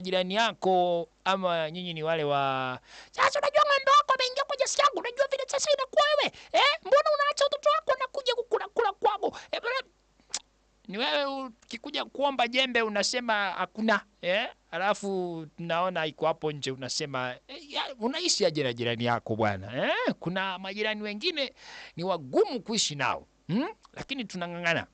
jirani yako ama nyinyi ni wale wa sasa, unajua ng'ombe wako ameingia kwenye siangu, unajua vile sasa inakuwa wewe eh, mbona unaacha watoto wako nakuja kukula kula kwangu eh, ni wewe ukikuja kuomba jembe unasema hakuna eh? Alafu tunaona iko hapo nje unasema eh, unaishi aje na jirani yako bwana eh? Kuna majirani wengine ni wagumu kuishi nao hmm? Lakini tunang'ang'ana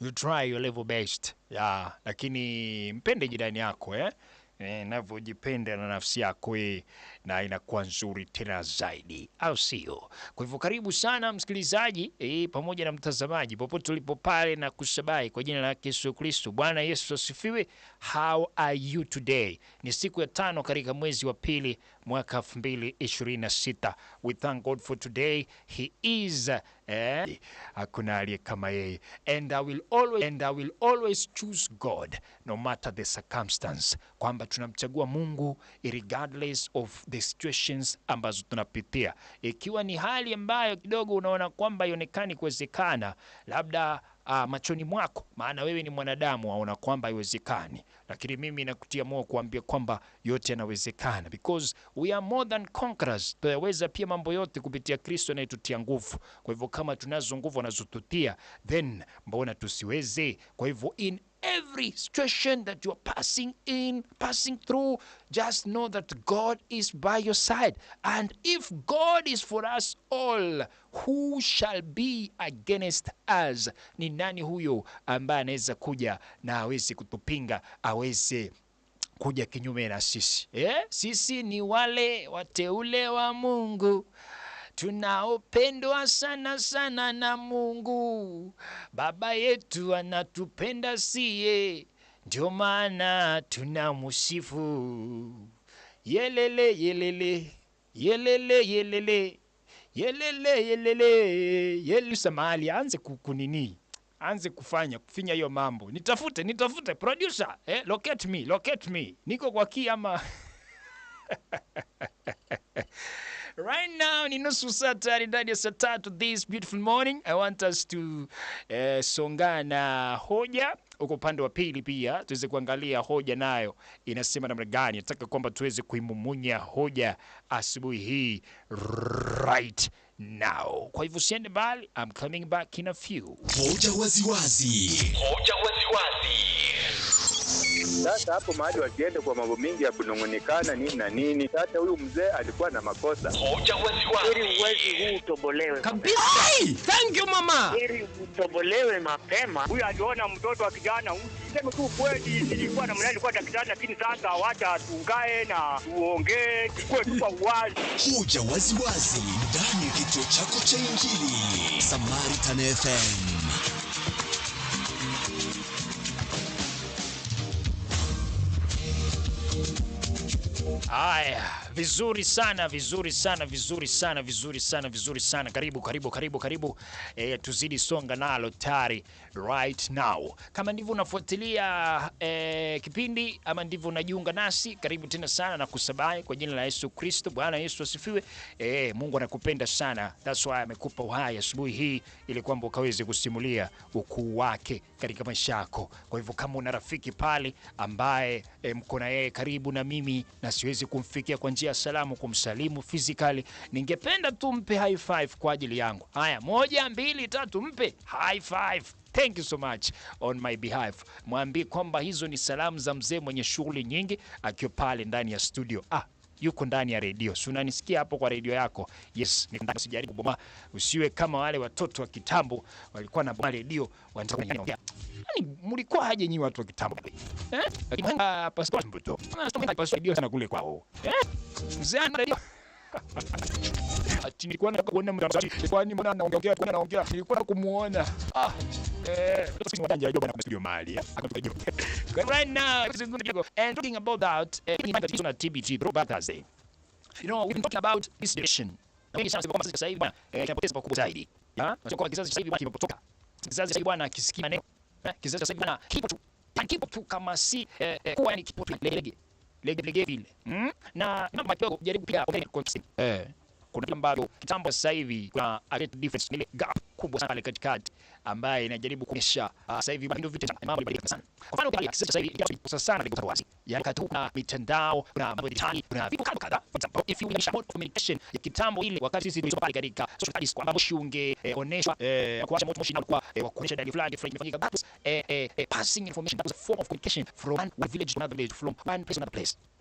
you try your level best ya lakini mpende jirani yako eh, eh navyojipenda na nafsi yako eh na inakuwa nzuri tena zaidi, au sio? Kwa hivyo karibu sana msikilizaji e, pamoja na mtazamaji popote ulipo pale na kusabai kwa jina la Yesu Kristo. Bwana Yesu asifiwe. How are you today? Ni siku ya tano katika mwezi wa pili mwaka 2026. We thank God for today. He is eh, hakuna aliye kama yeye. And I will always, and I will always choose God no matter the circumstance, kwamba tunamchagua Mungu regardless of the situations ambazo tunapitia. Ikiwa ni hali ambayo kidogo unaona kwamba ionekani kuwezekana, labda uh, machoni mwako, maana wewe ni mwanadamu, waona kwamba haiwezekani, lakini mimi nakutia moyo kuambia kwamba yote yanawezekana, because we are more than conquerors. Tunaweza pia mambo yote kupitia Kristo anayetutia nguvu. Kwa hivyo kama tunazo nguvu anazotutia, then mbona tusiweze? Kwa hivyo in every situation that you are passing in, passing through, just know that God is by your side. And if God is for us all, who shall be against us? Ni nani huyo ambaye anaweza kuja na aweze kutupinga, aweze kuja kinyume na sisi eh? Sisi ni wale wateule wa Mungu tunaopendwa sana sana na Mungu. Baba yetu anatupenda siye, ndio maana tunamsifu. Yelele yelele yelele yelele yelele yelele yelele. Samahali anze kukunini anze kufanya kufinya hiyo mambo, nitafute nitafute producer eh, locate me locate me, niko kwa kii ama Right now ni nusu saa tayari ndani ya saa tatu this beautiful morning. I want us to eh, songana hoja huko upande wa pili pia tuweze kuangalia hoja nayo inasema namna gani. Nataka kwamba tuweze kuimumunya hoja asubuhi hii right now. Kwa hivyo usiende mbali, I'm coming back in a few. Hoja waziwazi. Hoja waziwazi. Sasa hapo mahali wasiende kwa mambo mingi ya kunung'unikana nini na nini. Sasa huyu mzee alikuwa na makosa, ili uwezi huu utobolewe kabisa. Thank you mama, heri utobolewe mapema. Huyu aliona mtoto wa kijana huyu, sema tu kweli, nilikuwa na mnani kwa daktari, lakini sasa wacha tungae na tuongee tukue tu kwa uwazi. Hoja waziwazi ndani ya kituo chako cha Injili Samaritan FM. I vizuri sana vizuri sana vizuri sana vizuri sana vizuri sana karibu karibu karibu karibu e, tuzidi songa nalo tari right now kama ndivyo unafuatilia e, kipindi ama ndivyo unajiunga nasi karibu tena sana na kusabai kwa jina la Yesu Kristo Bwana Yesu asifiwe e, Mungu anakupenda sana that's why amekupa uhai asubuhi hii ili kwamba ukaweze kusimulia ukuu wake katika maisha yako kwa hivyo kama una rafiki pale ambaye e, mko na yeye karibu na mimi na siwezi kumfikia kwa njia ya salamu kumsalimu physically, ningependa tu mpe high five kwa ajili yangu. Haya, moja, mbili, tatu, mpe high five. Thank you so much on my behalf. Mwambie kwamba hizo ni salamu za mzee mwenye shughuli nyingi akiwa pale ndani ya studio. Ah, yuko ndani ya redio. Si unanisikia hapo kwa redio yako? Yes, usijaribu kuboma, usiwe kama wale watoto wa kitambo walikuwa na boma redio. Yani mlikuwa haje nyinyi watu wa kitambo eh? Hapa ah, ah, sana kule kwao eh? Mzee ana redio Nilikuwa nataka kuona mtangazaji, nilikuwa ni mbona anaongea tu anaongea, nilikuwa nataka kumuona. Ah, eh, sisi wadanja yoba na studio mali. Akatujo. Ah, right now, this is going to go. And talking about that, eh, ni mtangazaji na TBT bro Thursday. Eh. You know, we've been talking about this station. Na wengi sana kwamba sasa hivi bwana, eh, kinapoteza pakubwa zaidi. Ah, kwa kizazi sasa hivi bwana kimepotoka. Kizazi sasa hivi bwana kisikia neno. Eh, kizazi sasa hivi bwana kipo tu. Kipo tu kama si eh, eh kuwa ni kipo tu lege legevile mm? na mambo kidogo jaribu pia eh kuna kile ambacho kitambo sasa hivi kuna a great difference, ile gap kubwa sana pale katikati ambayo inajaribu kuonyesha ah, sasa hivi mambo vitu mambo yanabalika sana. Kwa mfano kile sasa hivi ndio sasa sana ni wazi, yani kati kuna mitandao kuna mambo ya dijitali kuna vitu kama kadha. For example, if you wish about communication ya kitambo ile, wakati sisi tulikuwa pale katika social media, kwamba moshi ungeoneshwa eh, eh, kuacha moto moshi na kwa eh, kuonyesha dalili fulani fulani imefanyika, but passing information, that was a form of communication from one village to another village, from one place to another place.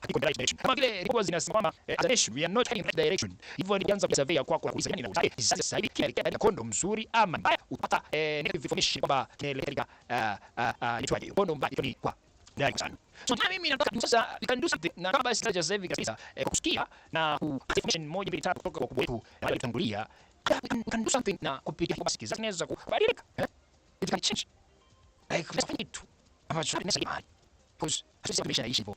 hakiko the right direction. Kama vile ilikuwa zinasema kwamba eh, as a nation we are not heading in the right direction, hivyo nilianza kusurvey ya kwa kwa kuuliza nini na sasa sasa hivi kinaelekea ndani kondo mzuri ama mbaya, utapata eh, negative information kwamba kinaelekea katika ah, ah, ah, kondo mbaya, ni kwa ndani sana. So kama mimi nataka sasa we can do something, na kama basi sasa hivi kabisa eh, kusikia na information moja mbili tatu kutoka kwa kubwa wetu na kutangulia, we can do something na kupitia basi kizazi kinaweza kubadilika, it can change like kitu ambacho kinaweza kibadilika because sasa tumesha naishi hivyo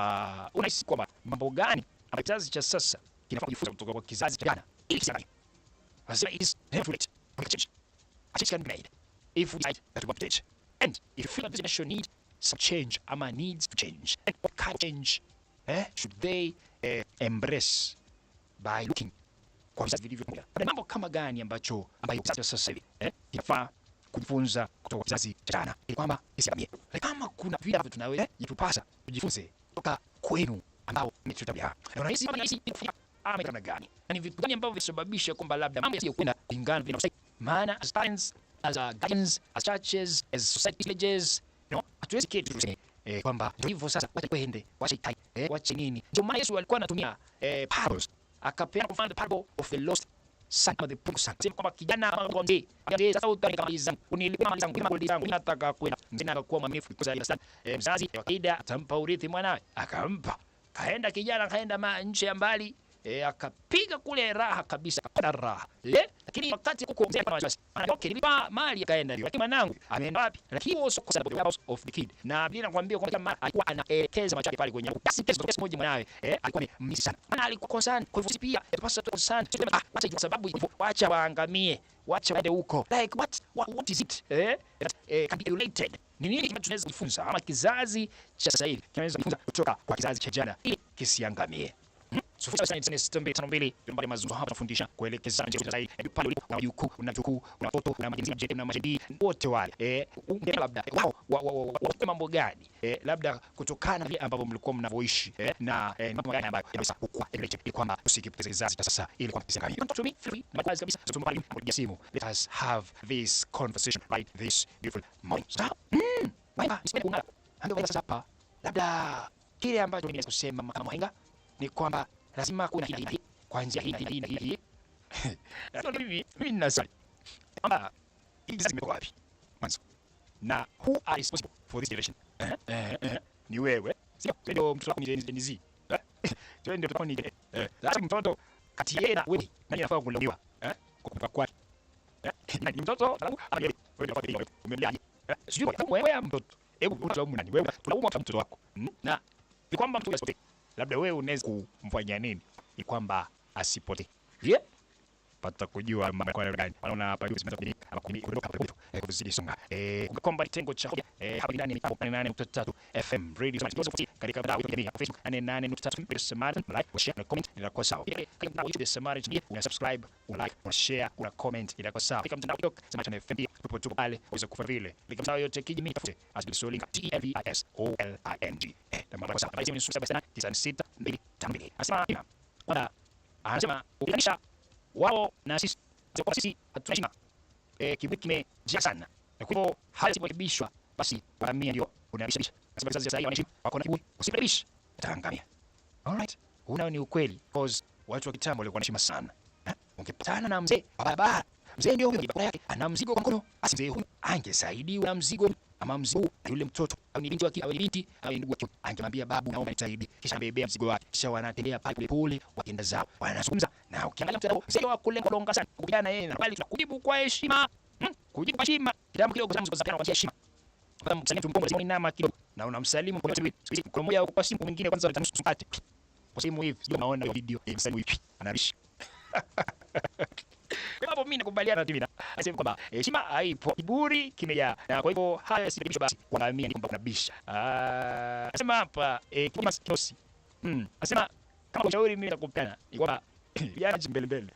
Uh, ah, unahisi kwamba mambo gani ambayo kizazi cha sasa kinafaa kujifunza kutoka kwa kizazi cha jana ili kisidanganywe? Anasema it is never too late for change. A change can be made if we decide that we want to change. And if you feel that this nation need some change ama needs to change, and what kind of change eh, should they eh, embrace by looking kwa vizazi vilivyokuja? Mambo kama gani ambacho ambayo kizazi cha sasa hivi eh, kinafaa kujifunza kutoka kwa kizazi cha jana ili kwamba kisidanganywe? Kama kuna vile ambavyo tunaweza yatupasa eh, tujifunze kutoka kwenu ambao mmetutabia. Na unahisi kama hisi ama namna gani? Na ni vitu gani ambavyo vinasababisha kwamba labda mambo yasiyo kwenda kulingana vinavyostahili? Maana as parents, as guardians, as churches, as society leaders, no, know, hatuwezi kitu tuseme eh, kwamba hivyo sasa, wacha kwende, wacha itai, eh, wacha nini. Ndio maana Yesu alikuwa anatumia eh, parables. Akapeana kwa mfano the parable of the lost son of the prodigal son. Sema kwamba kijana ama eh, mzee, sasa utanikamiza, unilipa mali zangu, mali zangu, nataka kwenda mzee akakuwa mwaminifu sana. E, mzazi wa kawaida atampa urithi mwanawe, akampa. Kaenda kijana, kaenda nje ya mbali e, akapiga kule raha kabisa, akakosa raha le lakini wakati kuko mzee ana anawasiwasi, anatoka pa mali akaenda hiyo lakini mwanangu ameenda wapi? Lakini wao soko sababu la House of the Kid, na bila inakwambia kwamba kila mara alikuwa anaelekeza macho yake pale kwenye basi kesi kesi moja mwanawe, eh, alikuwa mimi sana, ana alikuwa sana Kwa hivyo pia atapasa tu sana sio ah, acha kwa sababu acha waangamie, waacha waende huko, like what, what what is it eh, that eh can be related ni nini tunaweza kujifunza ama kizazi cha sasa hivi kinaweza kujifunza kutoka kwa kizazi cha jana ili kisiangamie mazungumzo hapa tunafundisha kuelekeza pale ulipo, una jukuu, una jukuu, una foto, wa eh, eh, mambo gani eh, labda kutokana na ambavyo mlikuwa mnavyoishi eh, na eh, mambo gani ambayo kabisa kwa ile kwamba usikipoteze kizazi cha sasa, ili kwa kiasi gani to me free na basi kabisa tutumwa pale kwa simu. Let us have this conversation right this beautiful morning. Sawa, mm, wema msiende kungala, ndio sasa hapa labda kile ambacho mimi kama mhenga ni kwamba lazima kuna na hili kwa njia hili hili hii na hivi mimi nina swali kwamba hizi zimekuwa wapi mwanzo, na who are responsible for this generation? Eh, eh, eh. ni wewe, sio ndio? mtu wako ni Gen Z, ndio ndio tutakoni ni lazima mtoto kati yeye na wewe nani anafaa kulaumiwa eh, kwa kupa kwa eh, ni mtoto alafu anajaribu wewe ndio umemlea sio wewe mtoto, hebu unalaumu nani? Wewe unalaumu mtoto wako, hmm? na ni kwamba mtu yasipotea labda wewe unaweza kumfanyia nini ni kwamba asipote Pata kujua mambo gani. hapa eh, kuzidi songa. Eh, kwamba kitengo cha eh, hapa ndani ni FM Radio katika Facebook like, share na comment sawa. wa una subscribe, una like, una share, una comment sawa. mtandao FM tupo tupo pale, vile. yote kijamii tafute T I S O L I N G anasema wao na sisi sisi hatuna eh, e, kiburi kimejaa sana, kwa hivyo hali isiporekebishwa basi utamia, ndio unaisha nasema sasa. Sasa wanaishi wako na kiburi, usirekebisha utaangamia. All right, unao ni ukweli, because watu wa kitambo walikuwa wanaheshima sana. Ungepatana na mzee wa barabara Mzee ndio huyo bakora yake ana mzigo kwa mkono, Basi mzee huyo angesaidiwa na mzigo ama mzigo yule mtoto au ni binti wake au binti au ndugu wake, angemwambia babu, naomba nisaidie, kisha bebea mzigo wake, kisha wanatembea pale pole wakienda zao, wanazungumza na ukiangalia mtoto mzee sio kule kolonga sana kupigana yeye, na bali tunakujibu kwa heshima, hmm, kujibu kwa heshima, kidamu kidogo sana mzikazana kwa heshima kama msalimu mpongo lazima inama kidogo, na unamsalimu kwa sababu sisi kwa mmoja kwa simu mwingine, kwanza utanusu kwa simu hivi, sio maona video ya msalimu hivi anarishi Hapo mimi nakubaliana na anasema kwamba heshima haipo, kiburi kimejaa, na kwa hivyo haya si basi kuangamia ni kwamba kunabisha. Ah, anasema hapa eh, kama kiosi mm, anasema kama ushauri mimi nakupana ni kwamba vijana mbele mbele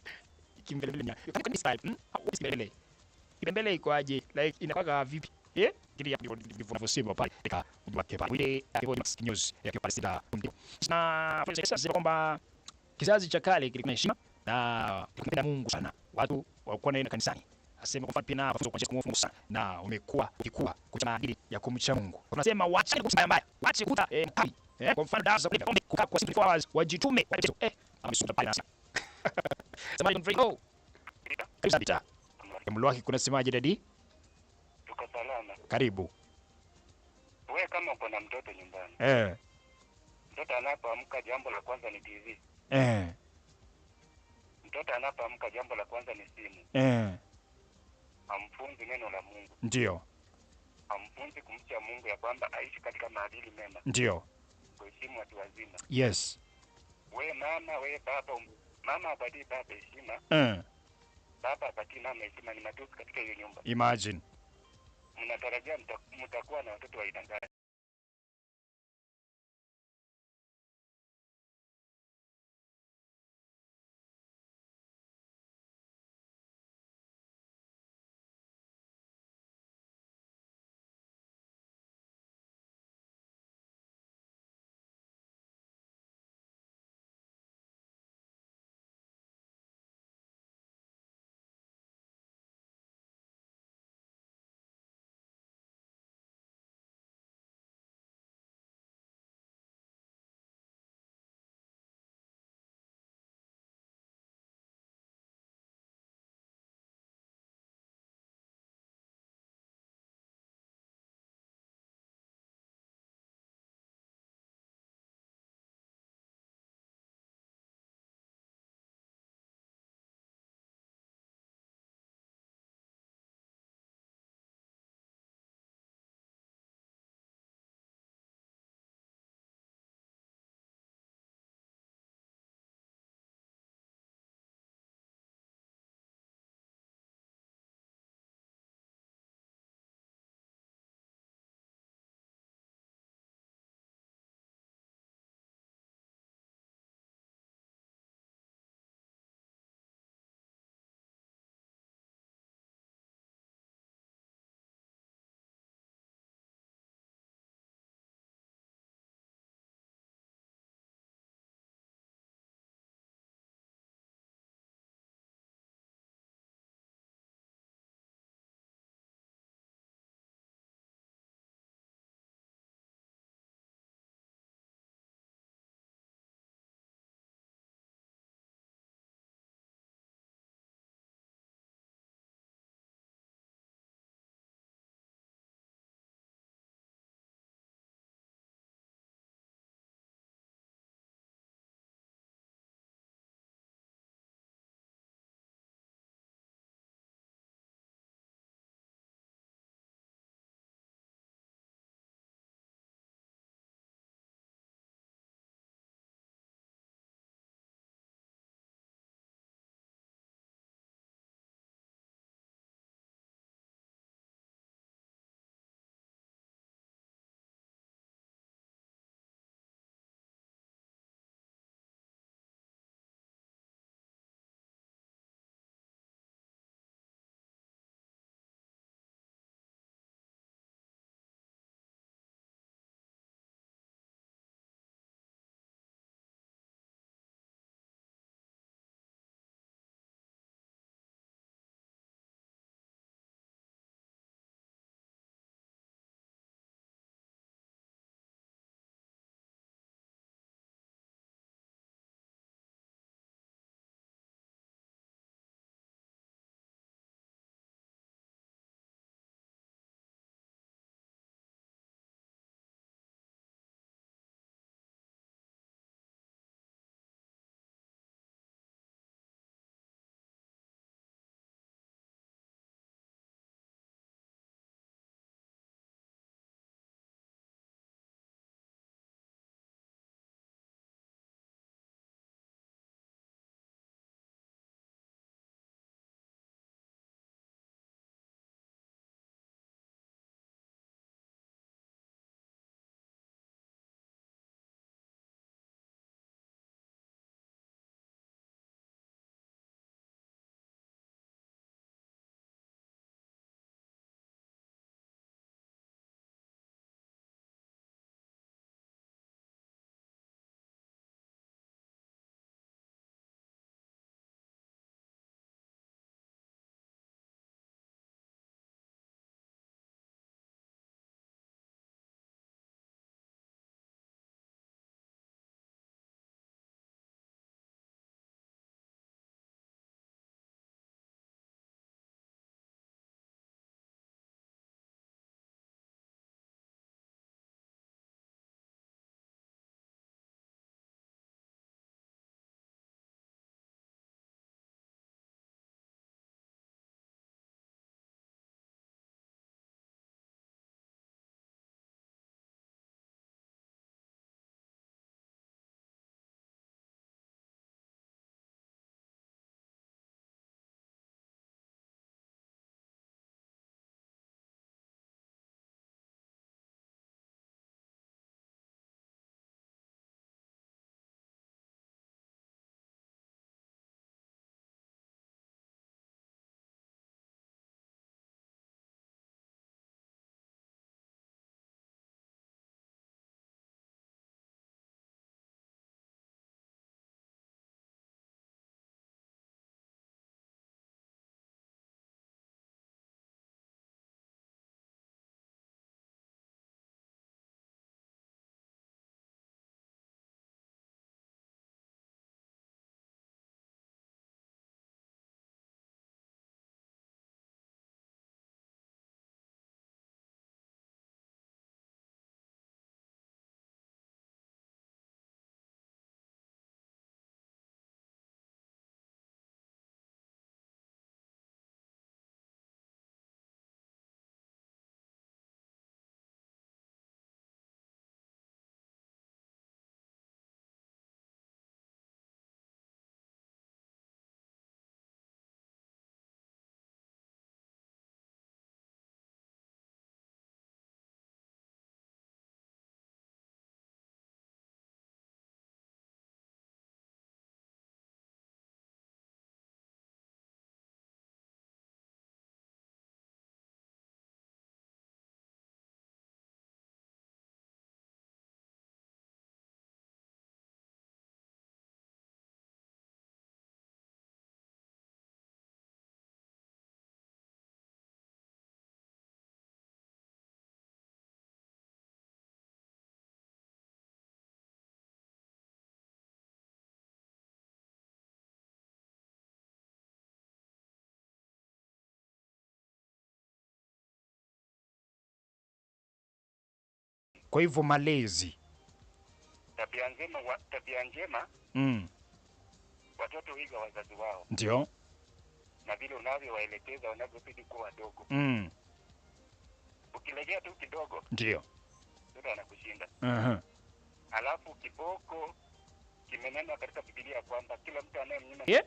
kimbele mbele kama ni style mm, hapo mbele mbele iko aje, like inakuwa vipi eh kizazi cha kale kilikuwa na heshima na kumpenda Mungu sana, watu walikuwa naenda kanisani asema kwa pia na kwa Yesu Mungu sana, na umekuwa ukikua kucha maadili ya kumcha Mungu. Tunasema waache kusimama mbaya, waache kuta eh, mkali eh, kwa mfano dawa za kulevya, pombe, kukaa kwa 24 hours, wajitume kwa Yesu eh, amesuta pale sana. samani on free go kisa bita mlo kuna semaje dadi, tuko salama. Karibu wewe, kama uko na mtoto nyumbani eh, mtoto anapoamka jambo la kwanza ni TV eh mtoto anapoamka jambo la kwanza ni simu eh. Amfunzi neno la Mungu, ndio amfunzi kumcha Mungu ya kwamba aishi katika maadili mema, ndio kuheshimu watu wazima. Yes, we mama, we baba, um, mama apatie baba heshima eh. Baba apatie mama heshima, ni matusi katika hiyo nyumba. Imagine mnatarajia mtakuwa na watoto wa aina gani? Kwa hivyo malezi, tabia njema, wa, tabia njema mm. Watoto huiga wazazi wao, ndio na vile unavyowaelekeza wanavyopidi kuwa wadogo mm. Ukilegea tu kidogo, ndio mtoto anakushinda. uh -huh. Alafu kiboko kimenena katika Biblia kwamba kila mtu anayemnyima yeah.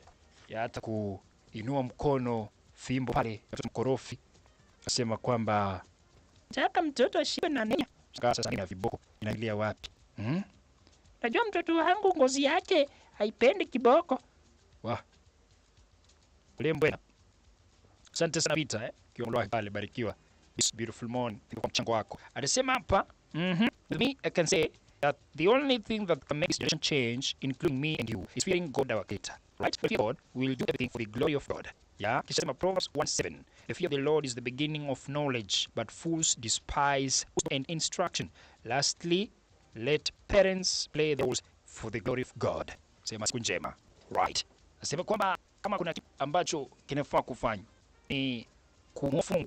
ya hata kuinua mkono fimbo pale mkorofi, asema kwamba taka mtoto ashibe na nini sasa nina viboko inaingilia wapi? Hmm? Najua mtoto wangu ngozi yake haipendi kiboko. Wah. Asante sana Vita eh. Kiongozi pale barikiwa. beautiful morning. Kwa mchango wako. Alisema hapa, mhm, with me I can say that the only thing that can make this generation change including me and you is fearing God our creator. Right? Fear God, will do everything for the glory of God ya kisema Proverbs 1:7, the fear of the Lord is the beginning of knowledge, but fools despise and instruction. Lastly, let parents play the roles for the glory of God. Sema siku njema. Right. Nasema kwamba kama kuna kitu ambacho kinafaa kufanywa ni kumfungu